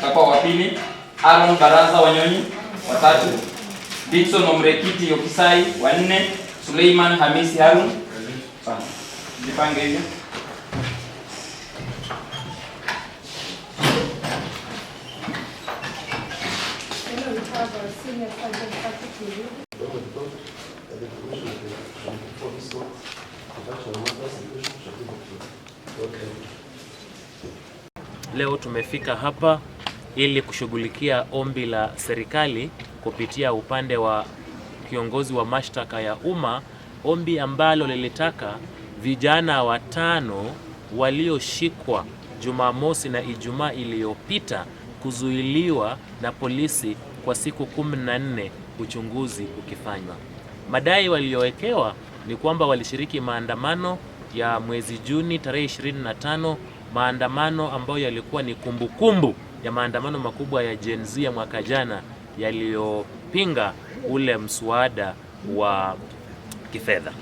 Kakwa wa pili, Aaron Baraza Wanyonyi wa tatu, Dickson Omrekiti Yokisai wa nne, Suleiman Hamisi Harun. Jipange hivyo. Leo tumefika hapa ili kushughulikia ombi la serikali kupitia upande wa kiongozi wa mashtaka ya umma, ombi ambalo lilitaka vijana watano walioshikwa Jumamosi na Ijumaa iliyopita kuzuiliwa na polisi kwa siku 14 uchunguzi ukifanywa. Madai waliowekewa ni kwamba walishiriki maandamano ya mwezi Juni tarehe 25, maandamano ambayo yalikuwa ni kumbukumbu kumbu ya maandamano makubwa ya Gen Z ya mwaka jana yaliyopinga ule mswada wa kifedha.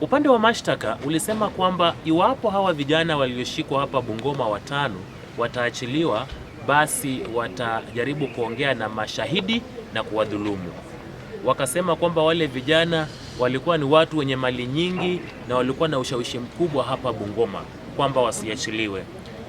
Upande wa mashtaka ulisema kwamba iwapo hawa vijana walioshikwa hapa Bungoma watano wataachiliwa, basi watajaribu kuongea na mashahidi na kuwadhulumu. Wakasema kwamba wale vijana walikuwa ni watu wenye mali nyingi na walikuwa na ushawishi mkubwa hapa Bungoma kwamba wasiachiliwe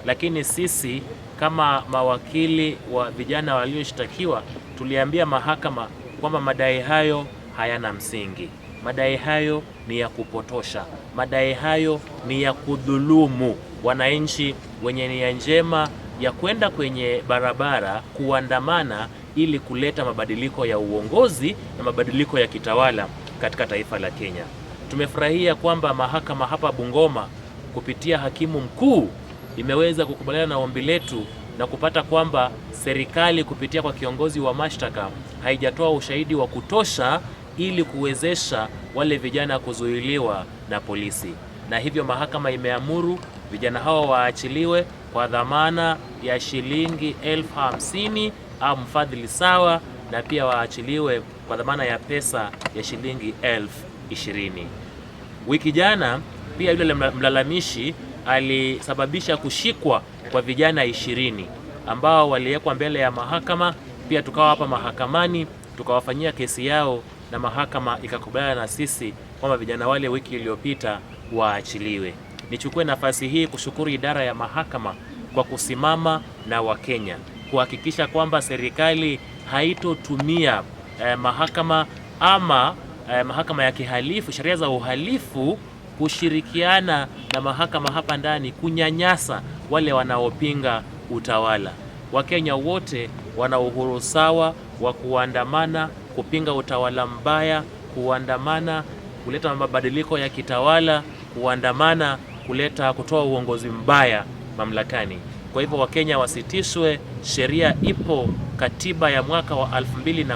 lakini sisi kama mawakili wa vijana walioshtakiwa tuliambia mahakama kwamba madai hayo hayana msingi, madai hayo ni ya kupotosha, madai hayo ni ya kudhulumu wananchi wenye nia njema ya kwenda kwenye barabara kuandamana ili kuleta mabadiliko ya uongozi na mabadiliko ya kitawala katika taifa la Kenya. Tumefurahia kwamba mahakama hapa Bungoma kupitia hakimu mkuu imeweza kukubaliana na ombi letu na kupata kwamba serikali kupitia kwa kiongozi wa mashtaka haijatoa ushahidi wa kutosha ili kuwezesha wale vijana kuzuiliwa na polisi, na hivyo mahakama imeamuru vijana hao waachiliwe kwa dhamana ya shilingi elfu hamsini au mfadhili sawa, na pia waachiliwe kwa dhamana ya pesa ya shilingi elfu ishirini. Wiki jana pia yule mlalamishi alisababisha kushikwa kwa vijana ishirini ambao waliwekwa mbele ya mahakama. Pia tukawa hapa mahakamani tukawafanyia kesi yao, na mahakama ikakubaliana na sisi kwamba vijana wale wiki iliyopita waachiliwe. Nichukue nafasi hii kushukuru idara ya mahakama kwa kusimama na Wakenya kuhakikisha kwamba serikali haitotumia eh, mahakama ama eh, mahakama ya kihalifu, sheria za uhalifu kushirikiana na mahakama hapa ndani kunyanyasa wale wanaopinga utawala. Wakenya wote wana uhuru sawa wa kuandamana kupinga utawala mbaya, kuandamana kuleta mabadiliko ya kitawala, kuandamana kuleta kutoa uongozi mbaya mamlakani. Kwa hivyo Wakenya wasitishwe, sheria ipo, katiba ya mwaka wa 2010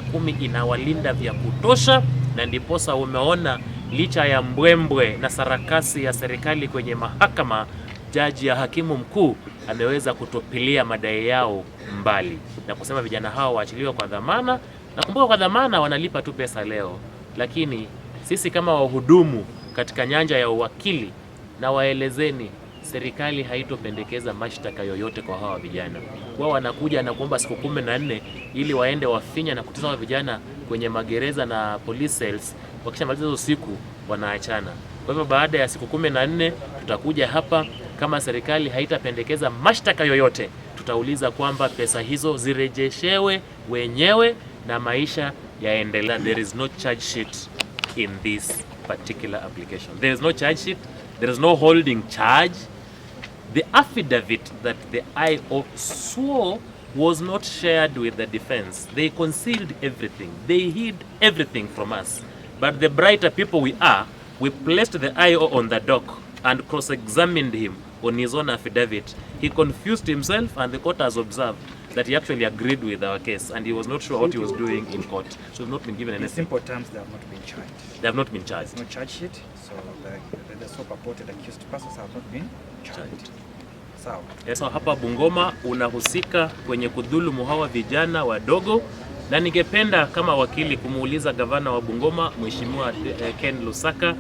inawalinda vya kutosha, na ndiposa umeona Licha ya mbwembwe na sarakasi ya serikali kwenye mahakama, jaji ya hakimu mkuu ameweza kutopilia madai yao mbali na kusema vijana hao waachiliwe kwa dhamana. Nakumbuka kwa dhamana wanalipa tu pesa leo, lakini sisi kama wahudumu katika nyanja ya uwakili na waelezeni, serikali haitopendekeza mashtaka yoyote kwa hawa vijana. Wao wanakuja na kuomba siku kumi na nne ili waende wafinya na kutesa vijana kwenye magereza na police cells wakishamaliza hizo siku wanaachana. Kwa hivyo baada ya siku kumi na nne tutakuja hapa, kama serikali haitapendekeza mashtaka yoyote, tutauliza kwamba pesa hizo zirejeshewe wenyewe na maisha yaendelea. There is no charge sheet in this particular application. There is no charge sheet, there is no holding charge. The affidavit that the IO swore was not shared with the defense. They concealed everything. They hid everything from us. But the brighter people we are, we placed the IO on the dock and cross-examined him on his own affidavit. He confused himself and the court has observed that he actually agreed with our case and he was not sure what he was doing in court. So we've not been given anything. In simple terms, they have not been charged. They have not been charged. No charge sheet, so the, the, the so purported accused persons have not been charged. charged. Sawa. Yes, so hapa Bungoma unahusika kwenye kudhulumu hawa vijana wadogo na ningependa kama wakili kumuuliza gavana wa Bungoma Mheshimiwa eh, Ken Lusaka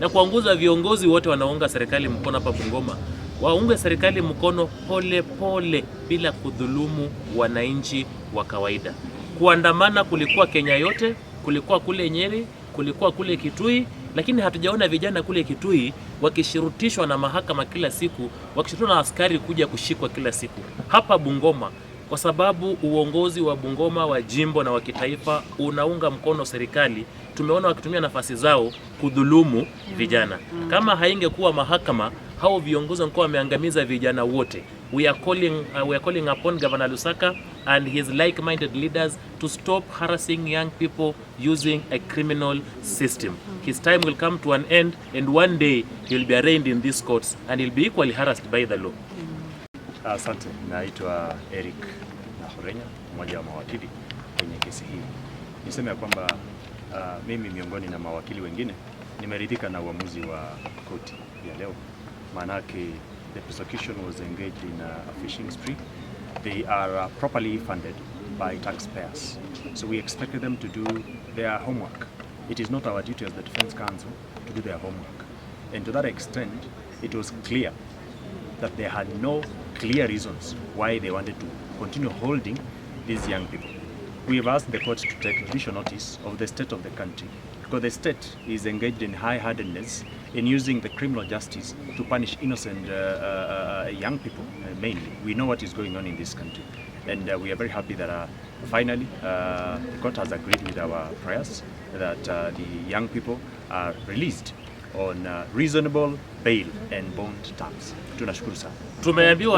na kuanguza viongozi wote wanaounga serikali mkono hapa Bungoma waunge serikali mkono pole pole, bila kudhulumu wananchi wa kawaida. Kuandamana kulikuwa Kenya yote, kulikuwa kule Nyeri, kulikuwa kule Kitui, lakini hatujaona vijana kule Kitui wakishurutishwa na mahakama kila siku, wakishurutishwa na askari kuja kushikwa kila siku. Hapa Bungoma kwa sababu uongozi wa Bungoma wa jimbo na wa kitaifa unaunga mkono serikali. Tumeona wakitumia nafasi zao kudhulumu vijana. Mm. Kama haingekuwa mahakama, hao viongozi wangekuwa wameangamiza vijana wote. We are calling, uh, we are calling upon Governor Lusaka and his like-minded leaders to stop harassing young people using a criminal system. Mm. His time will come to an end and one day he will be arraigned in these courts and he'll be equally harassed by the law. Mm. Asante, naitwa Eric Nahorenya, mmoja wa mawakili kwenye kesi hii. Niseme ya kwamba uh, mimi miongoni na mawakili wengine nimeridhika na uamuzi wa koti ya leo, maanake the prosecution was engaged in a fishing spree. They are uh, properly funded by taxpayers. So we expected them to do their homework. It is not our duty as the defense counsel to do their homework. And to that extent, it was clear that they had no clear reasons why they wanted to continue holding these young people. We have asked the court to take judicial notice of the state of the country because the state is engaged in high-handedness in using the criminal justice to punish innocent uh, uh, uh, young people uh, mainly. We know what is going on in this country and uh, we are very happy that uh, finally the court has agreed with our prayers that the young people are released on reasonable bail and bond terms. Tunashukuru sana.